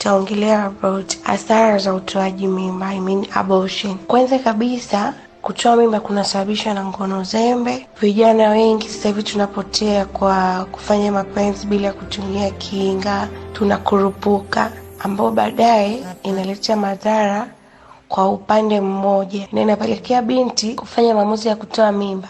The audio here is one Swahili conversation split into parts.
tutaongelea about hasara za utoaji mimba, I mean abortion. Kwanza kabisa kutoa mimba kunasababishwa na ngono zembe. Vijana wengi sasa hivi tunapotea kwa kufanya mapenzi bila kutumia kinga, tunakurupuka, ambao baadaye inaleta madhara kwa upande mmoja, na inapelekea binti kufanya maamuzi ya kutoa mimba.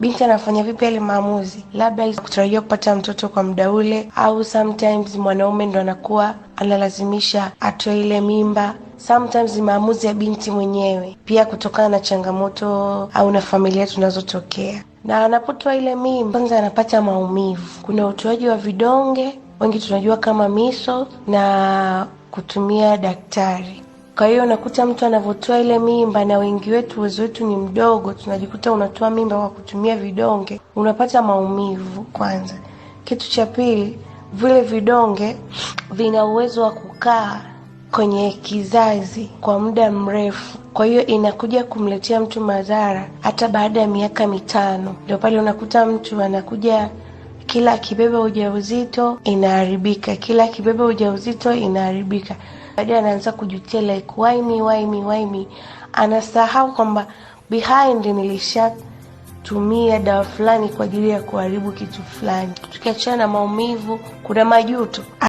Binti anafanya vipi yale maamuzi? Labda kutarajia kupata mtoto kwa muda ule, au sometimes mwanaume ndo anakuwa analazimisha atoe ile mimba sometimes ni maamuzi ya binti mwenyewe pia kutokana na changamoto au na familia tunazotokea na anapotoa ile mimba kwanza anapata maumivu kuna utoaji wa vidonge wengi tunajua kama miso na kutumia daktari kwa hiyo unakuta mtu anavyotoa ile mimba, na wengi wetu uwezo wetu ni mdogo, tunajikuta unatoa mimba kwa kutumia vidonge, unapata maumivu kwanza. Kitu cha pili, vile vidonge vina uwezo wa kukaa kwenye kizazi kwa muda mrefu. Kwa hiyo inakuja kumletea mtu madhara hata baada ya miaka mitano. Ndio pale unakuta mtu anakuja kila akibeba ujauzito inaharibika, kila akibeba ujauzito inaharibika. baada anaanza kujutia like waimi waimi waimi Anasahau kwamba behind nilishatumia dawa fulani kwa ajili ya kuharibu kitu fulani. Tukiachana na maumivu, kuna majuto.